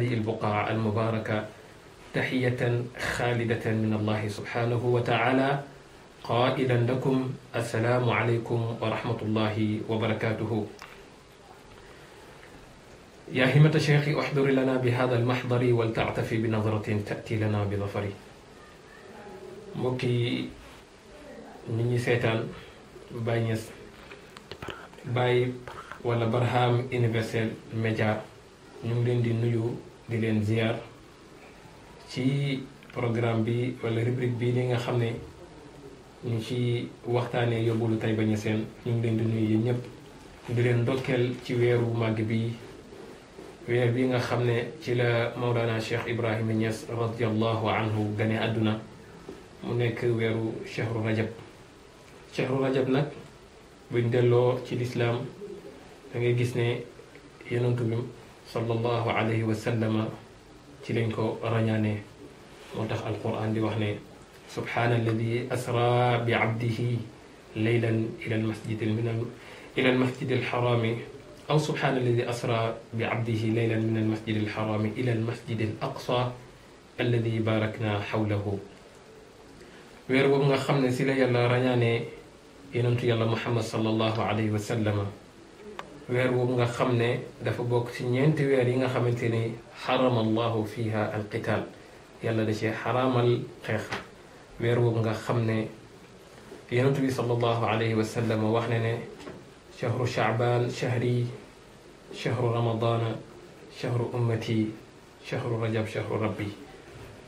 هذه البقعة المباركة تحية خالدة من الله سبحانه وتعالى قائلا لكم السلام عليكم ورحمة الله وبركاته يا همة شيخ احضر لنا بهذا المحضر ولتعتفي بنظرة تأتي لنا بظفر مكي نيني سيتان باي باي ولا برهام universel media ñu ngi leen di nuyu di leen ziar ci programme bi wala rubrique bii ni nga xam ne ñu ci waxtaanee yóbbalu Taïba Niassène ñu ngi leen di nuyu yéen di leen ndokkeel ci weeru màgg bi weer bi nga xam ne ci la Maulana Cheikh Ibrahima Niass radiallahu anhu gane àdduna mu nekk weeru chehru rajab chehru rajab nag buñ delloo ci lislaam da ngay gis ne yonantu bi sallallahu alayhi wa sallama ci lañ ko rañaanee moo tax alquran di wax ne subhaana alladi asra bi abdihi laylan ila almasjid min ila almasjid alxarami aw subhaana alladi asra bi abdihi laylan min almasjid alxarami ila almasjid alaqsa alladi barakna xawlahu weer boobu nga xam ne si la yàlla rañaanee yonentu yàlla muhammad sallallahu alayhi wa sallama weer woowu nga xam ne dafa bokk ci ñeenti weer yi nga xamante ni xarama allahu fiha alqital yàlla da cee xaraamal xeex weer woowu nga xam ne yonent bi sallallahu alayhi wa sallam wax ne ne shahru shaaban shahri shahru ramadana shahru ummati shahru rajab shahru rabbi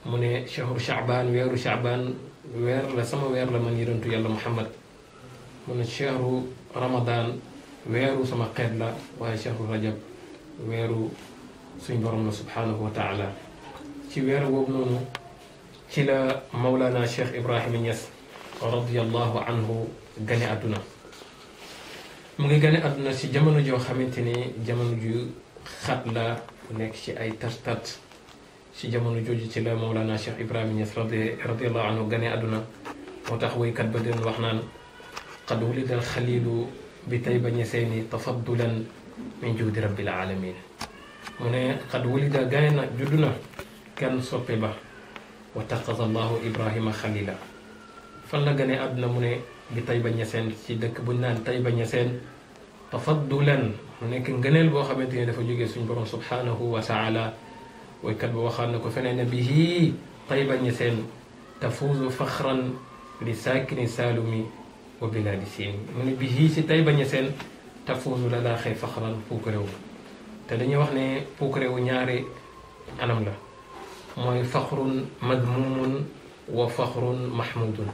mu ne shahru shaaban weeru shaaban weer la sama weer la man yonentu yàlla muhammad mu ne shahru ramadan weeru sama xeet la waaye shahru rajab weeru suñ borom la subhanahu wa taala ci weer boobu ci la Mawlana Cheikh Ibrahima Niass radiyallahu anhu gane àdduna mu ngi gane àdduna ci jamono joo xamante ni jamono ju xat la nekk ci ay tartat ci jamono jooju ci la Mawlana Cheikh Ibrahima Niass radiyallahu anhu gane àdduna wax naan bi Tayba Ñaseen tafaddulan min juudi rabbil alamin mu ne xad wulida gaay na juddu na kenn soppe ba wa taqasa allahu ibrahima xalila fan la gane àdduna mu ne bi Tayba Ñaseen ci dëkk buñ naan Tayba Ñaseen tafaddulan mu nekk ngëneel boo xamante ne dafa jógee suñ borom subhanahu wa taala waykat ba waxaan na ko feneen ne bihi Tayba Ñaseen tafuuzu faxran li saakini saalumi wa bilaadi siin mu ne bii si tay bañ a seen tafuusu la laa xëy faxaran puukarewu te dañuy wax ne puukarewu ñaari anam la mooy faxrun madmumun wa faxrun mahmudun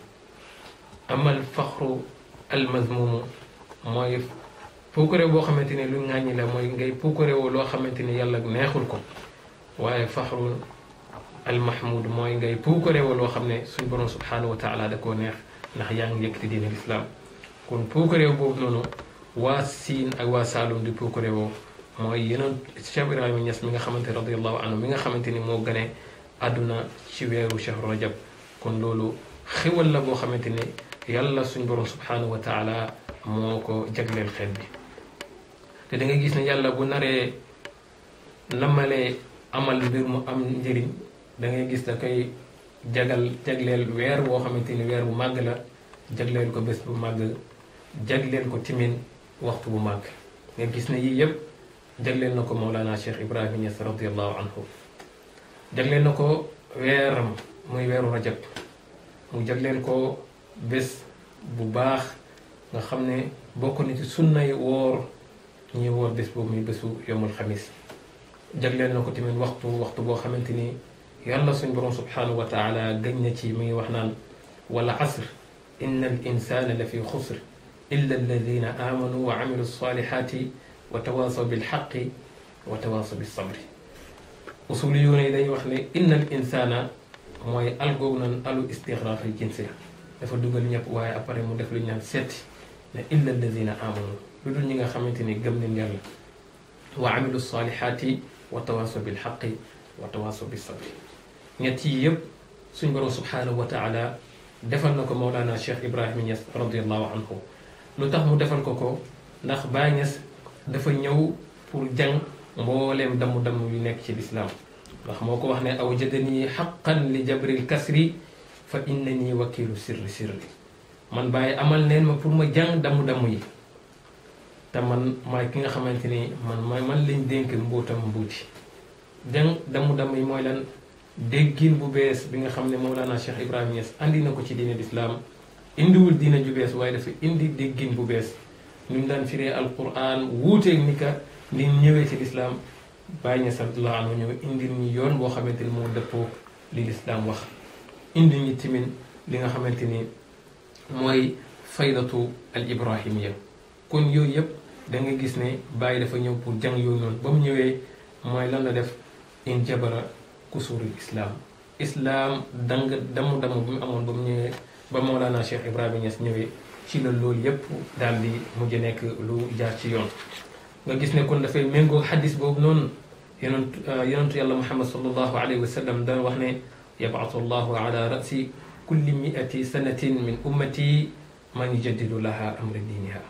amal faxru al mooy puukarew boo xamante ni lu ŋàññi la mooy ngay puukarewu loo xamante ni yàlla neexul ko waaye faxrun al mahmud mooy ngay puukarewu loo xam ne suñ borom subhanahu wa taala da koo neex ndax yaa ngi yëkkati diine lislaam kon puukaréew boobu noonu waa siin ak waa saalum di puukaréewoo mooy yeneen Cheikh Ibrahima Niass mi nga xamante radiallahu anhu mi nga xamante ni moo gane àdduna ci weeru shahru rajab kon loolu xéwal la boo xamante ni yàlla suñ borom subhanahu wa taala moo ko jagleel xeet bi te da gis ne yàlla bu naree namalee amal mbir mu am njëriñ da gis da jagal jagleel weer boo xamante ni weer bu màgg la jagleel ko bés bu màgg jagleel ko timin waxtu bu màgg nga gis ne yii yëpp jagleel na ko Mawlana Cheikh Ibrahima Niass radiallahu anhu jagleel na ko weeram muy weeru rajab mu jagleel ko bés bu baax nga xam ne bokk na ci sunnay woor ñuy woor bés boobu muy bésu yomul xamis jagleel na ko tamit waxtu waxtu boo xamante ni yaa suñ borom subhanahu wa taala gëñ na ci mi ngi wax naan wala asr inna al insana la fi xusr illa alladina amanu wa amilu salihati wa tawaasaw bilxaqi wa tawaasaw bisabri usuli yoon yi dañuy wax in inna al insana mooy al googu naan alu istixraaf yi jinsi la dafa dugal ñëpp waaye après mu def lu ñu naan seeti ne illa alladina amanu lu dul xamante ni gëm nañ yàlla wa amilu salihati wa tawaasaw bilxaqi wa tawaasaw bisabri ñett yi yëpp suñ borom subhanahu wa taala defal na ko Mawlana Cheikh Ibrahima Niass radiallahu anhu lu tax mu defal ko ko ndax Baay Niass dafa ñëw pour jàng mbooleem damm-damm yu nekk ci lislaam ndax moo ko wax ne aw jadanii xaqan li jabril kasri fa innanii wakiilu sirri sirri man baay amal neen ma pour ma jàng damm-damm yi te man maay ki nga xamante ni man man lañ dénk mbóotam mbuuti jàng damm-damm yi mooy lan déggin bu bees bi nga xam ne Mawlana Cheikh Ibrahima Niass indi na ko ci diine lislaam indiwul diine ju bees waaye dafa indi déggin bu bees ni mu daan firee alquran wuuteeg ni ka ni ñëwee ci lislaam bàyyi Niass indi yoon boo xamante ni moo dëppoo li lislaam wax indi ñu timin li nga xamante ni mooy faydatu al ibrahimiya kon yooyu yëpp da gis ne bàyyi dafa ñëw pour jàng yooyu noonu ba mu ñëwee mooy lan la def in jabara kusuurul islaam islaam dang damu damu bi mu amoon ba mu ñëwee ba Mawlana Cheikh Ibrahima Niass ñëwee ci la loolu yépp daal di mujj nekk lu jaar ci yoon nga gis ne kon dafay méngoo xadis boobu noonu yonent euh, yonentu yàlla Muhammad sallallahu alayhi wa sallam daan wax ne yabatu llahu ala rasi kulli miati sanatin min ummati man yujaddidu laha amra diiniha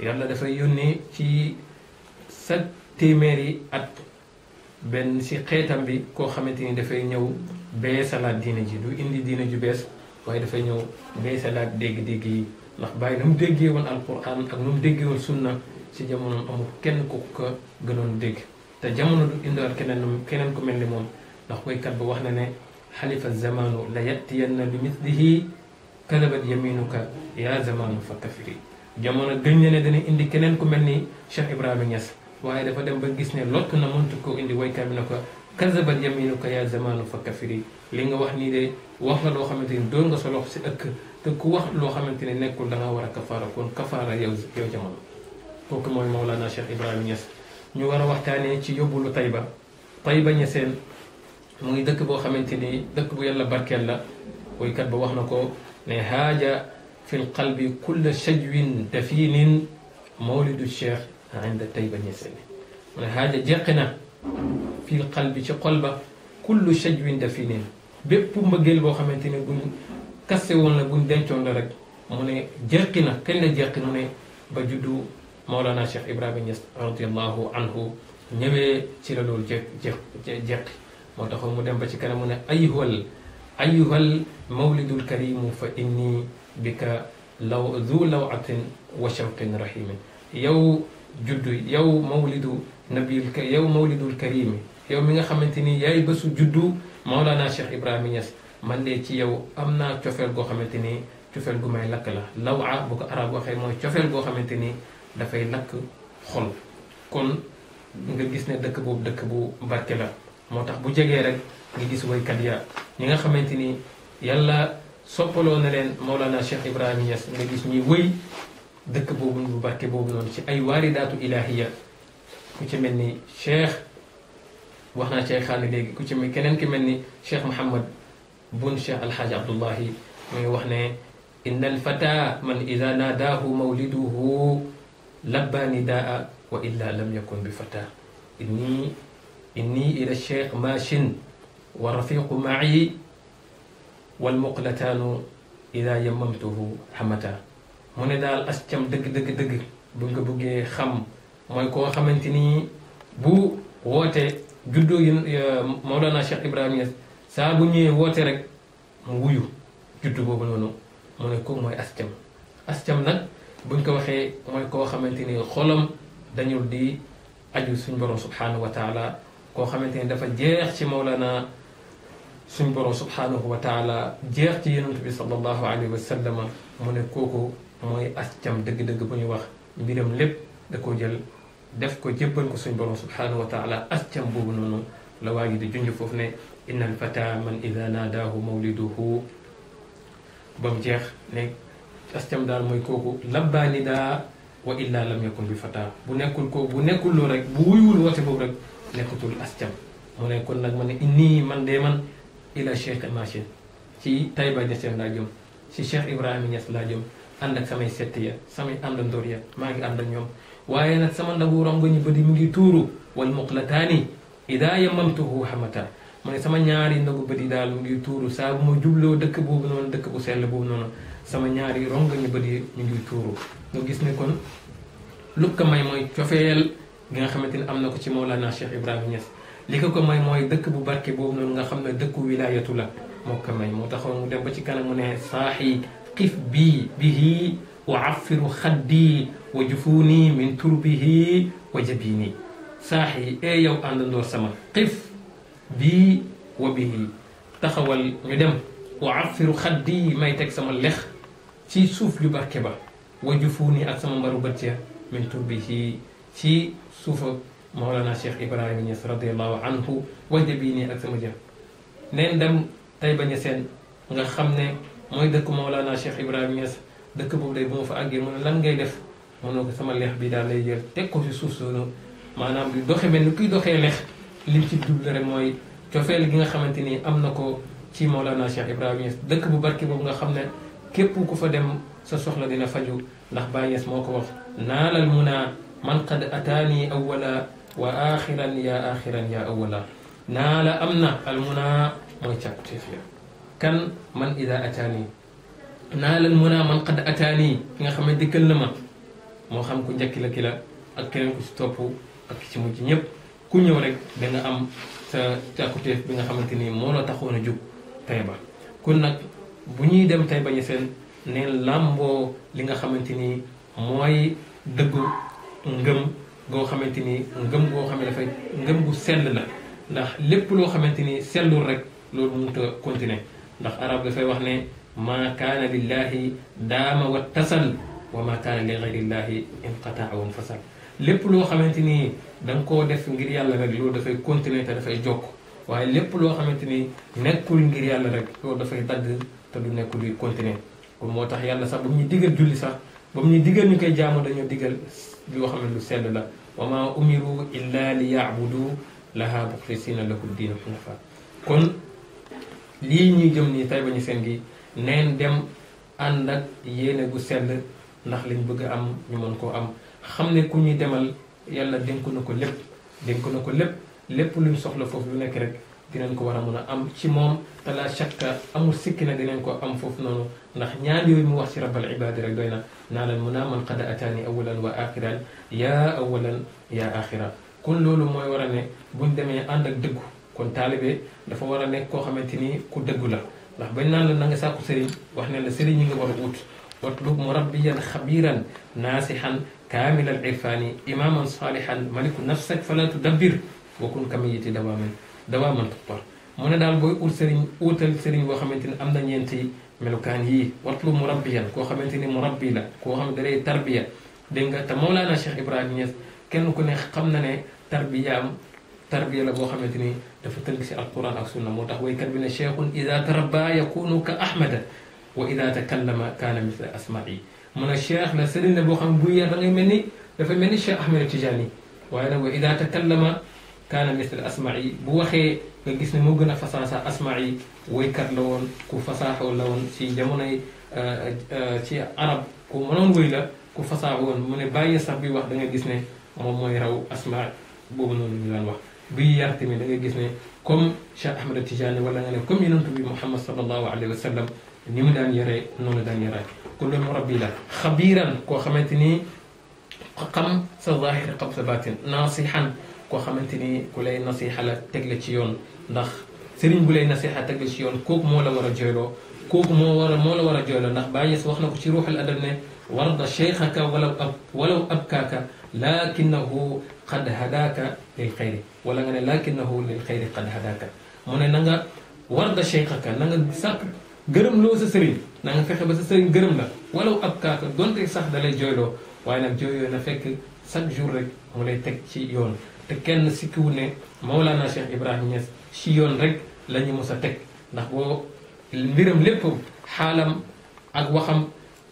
yàlla dafay yónnee ci sa téeméeri at benn si xeetam bi koo xamante ni dafay ñëw beesalaat diine ji du indi diine ju bees waaye dafay ñëw beesalaat dégg-dégg yi ndax bàyyi na mu déggee woon alquran ak nu mu déggee woon sunna si jamono amul kenn ku ko gënoon dégg te jamono du indiwaat keneen keneen ku mel ni moom ndax koykat ba wax na ne xalifa zamanu la yatiyanna bi mislihi kadabat yaminuka yaa zamanu fa kafiri jamono gëñ ne ne dana indi keneen ku mel ni Cheikh Ibrahima Niass waaye dafa dem ba gis ne lott na mëntu koo indi waykat bi na ko kazabat yaminu ko yaa zamanu fa kafiri li nga wax nii de wax na loo xamante ni doon nga sa si ëkk te ku wax loo xamante ne nekkul da ngaa war a kafaara kon kafaara yow yow jamono kooku mooy Mawlana Cheikh Ibrahima Niass ñu war a waxtaanee ci yóbbulu Tayba Tayba Niassène ngi dëkk boo xamante ni dëkk bu yàlla barkeel la woykat ba wax na ko ne haaja fi l qalbi kulla shajwin dafinin mawlidu cheikh inda Tayba Niassène mu ne xaaja jeqi na fil qalbi ci xol ba kullu shajwin dafinin bépp mbëggeel boo xamante ne buñ kasse woon la buñ dencoon la rek mu ne jeqi na kañ la jeqi mu ne ba juddu Mawlana Cheikh Ibrahima Niass radiallahu anhu ñëwee ci la loolu jeq jeq jeqi moo taxoon mu dem ba ci kanam mu ne ayuhal ayuhal mawlidul karimu fa inni bika law zu lawatin wa shawqin rahimin yow juddu yow mawlidu nabil ka yow mawlidul karimi yow mi nga xamante ni yaay bésu juddu Maolana Cheikh Ibrahima Niass man de ci yow am naa cofeel goo xamante ni cofeel gu may lakk la lawaa bu ko arab waxee mooy cofeel goo xamante ni dafay lakk xol kon nga gis ne dëkk boobu dëkk bu barke la moo tax bu jegee rek nga gis woykat ya ñi nga xamante ni yàlla soppaloo na leen Maolana Cheikh Ibrahima Niass nga gis ñuy wëy dëkk boobu bu barke boobu noonu ci ay waaridaatu ilaahiya ku ci mel ni cheikh wax naa cheikh xaani léegi ku ci mel keneen ki mel ni cheikh Mouhamed bun cheikh Alxaaji Abdullahi muy wax ne inna alfata man ida naadaahu mawliduhu labba nidaa wa illa lam yakun bi fata inni inni ila cheikh maachin wa rafiqu maci walmuqlataanu ida yamamtuhu hamata mu ne daal as cam dëgg dëgg dëgg buñ ko bëggee xam mooy koo xamante ni bu wootee juddoo moo Maulana Cheikh Ibrahima Niass saa bu ñëwee woote rek mu wuyu juddu boobu noonu mu ne kooku mooy as cam as cam nag buñ ko waxee mooy koo xamante ni xolam dañul di aju suñ borom subhanahu wa taala koo xamante ni dafa jeex ci moo suñ borom subhanahu wa taala jeex ci yonent bi sallallahu alayhi wa sallam mu ne kooku. mooy as dëgg-dëgg bu ñu wax mbiram lépp da ko jël def ko jëppal ko suñ borom subhanahu wa taala as boobu noonu la waa di junj foofu ne inna al fata man ida naadaahu mawliduhu ba mu jeex ne as daal mooy kooku labbaa nidaa wa illa lam yakun bi fata bu nekkul ko bu nekkul loo rek bu wuyuwul woote boobu rek nekkatul as cam mu ne kon nag ma ne man de man ila cheikh machine ci Taïba Niassène laa jëm ci Cheikh Ibrahima Niass laa jëm ànd ak samay sett ya samay àndandoor ya maa ngi ànd ak ñoom waaye nag sama ndabu rongoñ yi ba di mu ngi tuuru wal muqlataani ida yamamtuhu hamata mu ne sama ñaari ndogu bët yi daal mu ngi tuuru saa ma jubloo dëkk boobu noonu dëkk bu sell boobu noonu sama ñaari rongoñu bët yi ñu ngi tuuru nga gis ne kon lu ko may mooy cofeel gi nga xamante ne am na ko ci Mawlana Cheikh Ibrahima Niass li ko ko dëkk bu barke boobu noonu nga xam ne dëkku wilaayatu la moo ko may moo taxoon mu dem ba ci kanam mu ne saaxi qif bi bihi wa affiru xaddi wa jufuuni min turbihi wa jabini saaxi ee yow àndandoor sama qif bii wa bihi taxawal ñu dem wa affiru xaddi may teg sama lex ci suuf ju barke ba wa jufuuni ak sama mbaru bët ya min turbihi ci suufa Mawlana Cheikh Ibrahima Niass radiallahu anhu wa jabini ak sama jëm neen dem tay bañ a seen nga xam ne mooy dëkk moo Mawlana Cheikh Ibrahima Niass dëkk boobu day boo fa àggee mu ne lan ngay def mu ne ko sama lex bi daal lay jël teg ko fi suuf soono maanaam di doxe mel ni kuy doxee lex lim ci double rek mooy cofeel gi nga xamante ni am na ko ci Mawlana Cheikh Ibrahima Niass dëkk bu barki boobu nga xam ne képp ko fa dem sa soxla dina faju ndax Baay Ñas moo ko wax naalal a man qad ataani awwala wa axiran ya axiran ya awwala naala am na al munaa kan man ida ataani naa leen mën a man xad ataani ki nga xam ne dikkal na ma moo xam ku njëkk la ki ak keneen ku ci topp ak ci mujj ñëpp ku ñëw rek da am sa càkkutéef bi nga xamante ni moo la taxoon a jóg Tayba kon nag bu ñuy dem Tayba ñu seen neen li nga xamante ni mooy dëggu ngëm goo xamante ni ngëm goo xam ne dafay ngëm gu sell la ndax lépp loo xamante ni sellul rek loolu mënut a continuer ndax arab dafay wax ne maa kaana lillahi daama wa tasal wa maa kaana li gayrillahi inqataa wa fasal lépp loo xamante ni da koo def ngir yàlla rek loolu dafay continuer dafay jokk waaye lépp loo xamante ni nekkul ngir yàlla rek loolu dafay dagg te du nekk luy continuer kon moo tax yàlla sax ba mu ñu digal julli sax ba mu ñu digal ñu koy jaamu dañoo digal yoo xam ne lu sell la wa maa umiru illa li yaabudu laha muxlisina lahu diina xunafa kon lii ñuy jëm nii tay ba ñu seen gi neen dem ànd ak yéene gu sell ndax liñ bëgg am ñu mën koo am xam ne ku ñuy demal yàlla dénk na ko lépp dénk na ko lépp lépp luñ soxla foofu lu nekk rek dinañ ko war a mën a am ci moom te shakka amul sikki na dinañ ko am foofu noonu ndax ñaan yooyu mu wax ci rabbal ibadi rek doy na naa leen mun a man qad ataani awalan wa axiran yaa awalan yaa axira kon loolu mooy war a ne buñ demee ànd ak dëggu kon taalibe dafa war a nekk koo xamante ku dëggu la ndax bañ la na nga sàkku sëriñ wax ne la sëriñ yi nga war a wut watlub murabbiyan xabiran naasihan kaamilal irfaani imaaman saalihan maliku nafsak fala tudabbir wakun kamiyati dawaaman dawaaman tuqtar mu daal booy ut sëriñ utal sëriñ boo xamante ni am na ñeenti melukaan yii watlub murabbiyan koo xamante ni murabbi la koo xam ne da lay tarbiya dégg nga te Mawlaana Cheikh Ibrahima Niass kenn ku ne xam na ne tarbiya la boo xamante ni dafa tënk si alquran ak sunna moo tax waykat bi ne cheikhun ida tarabba yakunu ka ahmada wa ida takallama kaana misla asma'i mu ne cheikh la sëriñ la boo xam buy yar da ngay mel ni dafa mel ni cheikh ahmada tijani waaye nag wa ida takallama kaana misla asma'i bu waxee nga gis ne moo gën a fasaasa asma'i waykat la woon ku fasaaxoo la woon si jamonoy euh, euh, ci arab ku mënoon wéy la ku fasaaxoo woon mu ne sax bi wax da nga gis ne moom mooy raw asma boobu noonu buy yar tamit da ngay gis ne comme Cheikh Ahmed Tidiane wala nga ne comme yonent bi Muhammad sallallahu alayhi wa sallam ni mu daan yaree noonu daan yaree kon loolu murabbi la xabiiran koo xamante ni xam sa zaahir xam sa baatin naasixan koo xamante ni ku lay nasiixa la teg la ci yoon ndax sëriñ bu lay nasiixa teg la ci yoon kooku moo la war a jooyloo kooku moo war a moo la war a jooyloo ndax Baay Ñas wax na ko ci ruuxul adab ne warda cheikhaka walaw ab walaw abkaaka laakinahu qad hadaaka lil xayri wala nga ne laakinahu lil xayri qad hadaaka mu ne na nga warda cheikhaka na nga sàkk gërëm loo sa sëriñ na nga fexe ba sa sëriñ gërëm la walaw abkaaka donte sax da lay jooyloo waaye nag jooyoo na fekk chaque jour rek mu lay teg ci yoon te kenn sikkiwu ne Mawlana Cheikh ibrahim Niass si yoon rek la ñu mos a teg ndax boo mbiram lépp xaalam ak waxam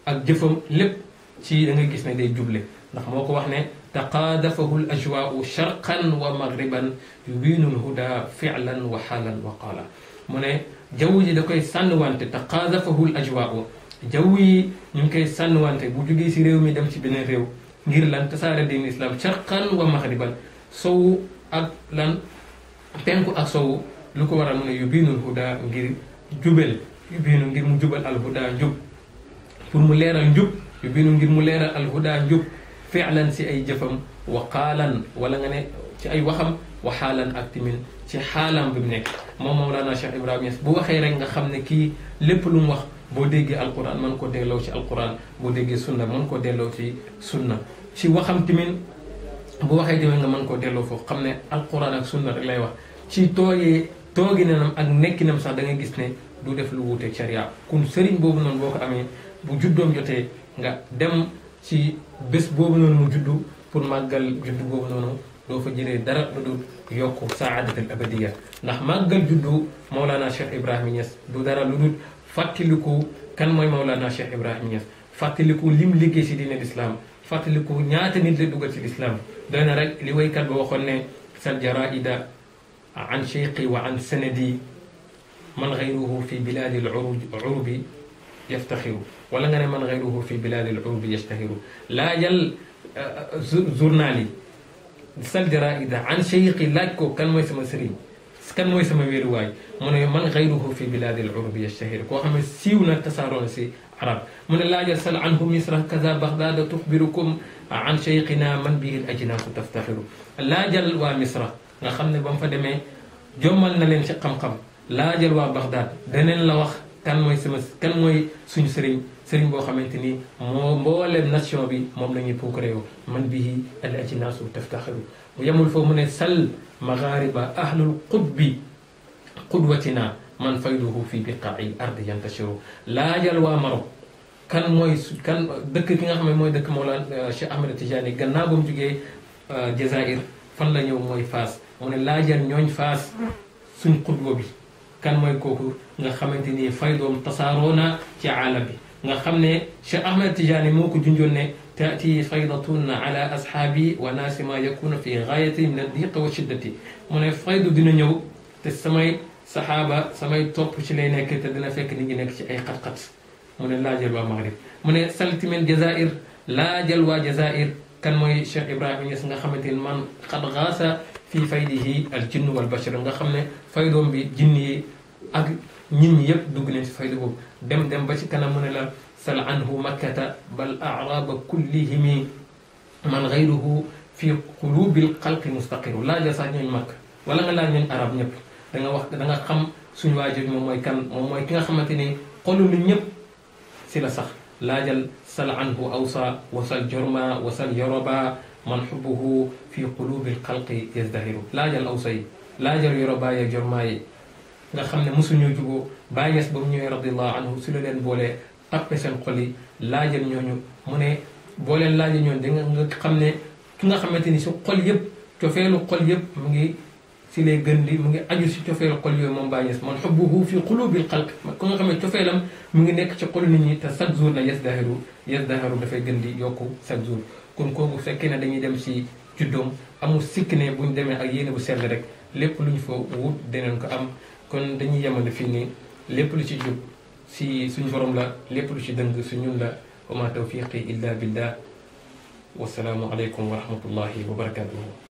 ak jëfam lépp ci da ngay gis ne day juble ndax moo ko wax ne taqaadafahu l ajwaau sharqan wa maghriban yubiinul huda filan wa xaalan wa qaala mu ne jaww ji da koy sànniwante taqaadafahu l ajwaau jaww yi ñu ngi koy sànniwante bu jógee si réew mi dem ci beneen réew ngir lan tasaare diin islam sharqan wa maghriban sowu ak lan penku ak sowu lu ko waral mu ne yubiinul huda ngir jubal yubinu ngir mu jubal alhuda njub pour mu leeral njub yubinu ngir mu leeral alhuda njub fi'lan si ay jëfam wa qaalan wala nga ne ci ay waxam wa xaalan ak timin ci xaalam bi mu nekk moom Mawlana Cheikh Ibrahima Niass bu waxee rek nga xam ne kii lépp lu mu wax boo déggee alquran mën koo delloo ci alquran boo déggee sunna mën koo delloo ci sunna ci waxam timin bu waxee tamit nga mën koo delloo foofu xam ne alquran ak sunna rek wax tooginam ak nekkinam sax da gis ne du def lu wuuteeg sharia kun sëriñ boobu noonu boo ko amee bu juddoom jotee nga dem si bés boobu noonu mu juddu pour màggal juddu boobu noonu doo fa jëlee dara lu dul yokku saadatul abadiya ndax màggal juddu Maulana Cheikh Ibrahima nges du dara lu dul fàttaliku kan mooy Maulana Cheikh Ibrahima Niass fàttaliku lim liggéey si diine lislaam ko ñaata nit la dugal si lislaam doy na rek li waykat ba waxoon an cheyqi wa an sanadi man xayruhu fi bilaadi al-urubi yaftaxiru wala nga ne man xayruhu fi bilaadi al-urubi yaftaxiru laajal journal yi sal jaraida an cheyqi laaj ko kan mooy sama sëriñ kan mooy sama wéeruwaay mu ne man xayruhu fi bilaadi al-urubi yaftaxiru koo xam ne siiw na tasaaroon si arab mu ne laajal sal anhu misra kaza baxdaada tuxbirukum an cheyqina man bihi al-ajnaasu taftaxiru laajal waa misra nga xam ne ba mu fa demee jommal na leen ci xam-xam laajal waa Baxdaad daneen la wax kan mooy sama kan suñu sëriñ sëriñ boo xamante ni moo mbooleem nation bi moom la ñuy puukaree man bihi al ajnaasu taftaxiru mu yemul foofu mu ne sal magaariba ahlul qutbi qudwatina man fayduhu fi biqaai ardi yantashiru laajal waa Maroc kan kan dëkk ki nga xam ne mooy dëkk Mawlana Cheikh Ahmed Tidiane gannaaw ba mu jugee euh, Jazaïr fan la ñëw mooy Faas mu ne laajal ñooñ faas suñ xutba bi kan mooy kooku nga xamante ni faydoom tasaaroo na ci aala bi nga xam ne Cheikh Ahmed Tidiane moo ko junjoon ne taati faydatun ala ashaabi wa naasi ma yakuna fi gaayati min addiqi wa shiddati mu ne faydu dina ñëw te samay saxaaba samay topp ci lay nekk te dina fekk nit ñi nekk ci ay xat-xat mu ne laajal waa Maghrib mu ne salti min jazair jazair kan mooy Cheikh Ibrahima Niass nga xamante ni man xad fii faydihi al jinnu wal bashar nga xam ne faydoom bi jinni yi ak ñin ñi yëpp dugg nañ ci faydu boobu dem dem ba ci kanam mu ne la sal anhu makkata bal araba kullihimi man gayruhu fi qulubil xalqi mustaqiru laajal sax ñooñ makk wala nga laaj ñooñ arab ñëpp da nga wax da nga xam suñu waajur moom mooy kan moom mooy ki nga xamante ni xolu lu ñëpp si la sax laajal sal anhu awsa wasal jorma wasal yoroba man xubbuhu fi qulubi lxalqi yazdahiru laajal awsa yi laajal yoro bàyyi ak jormaa yi nga xam ne mosuñoo juboo bàyyi ñes ba mu ñëwee radiallahu anhu si la leen boolee tappe seen xol yi laajal ñooñu mu ne boo leen laajal ñooñu da nga xam ne ki nga xamante ni si xol yëpp cofeelu xol yëpp mu ngi si lay gën di mu ngi aju si cofeelu xol yooyu moom bàyyi ñes man xubbuhu fi qulubil xalq ku nga xam ne cofeelam mu ngi nekk ci xol nit ñi te chaque jour la yazdahiru yazdahiru dafay gën di yokku chaque jour kon kooku fekkee ne dañuy dem si juddoom amul sikk ne bu ñu demee ak yéene bu sell rek lépp lu ñu fa wut deneen ko am kon dañuy yemale fii nii lépp lu ci jub si suñu borom la lépp lu ci dëng su ñun la wa ma tawfiqi illa billah wasalaamu aleykum wa rahmatullahi wa barakatuhu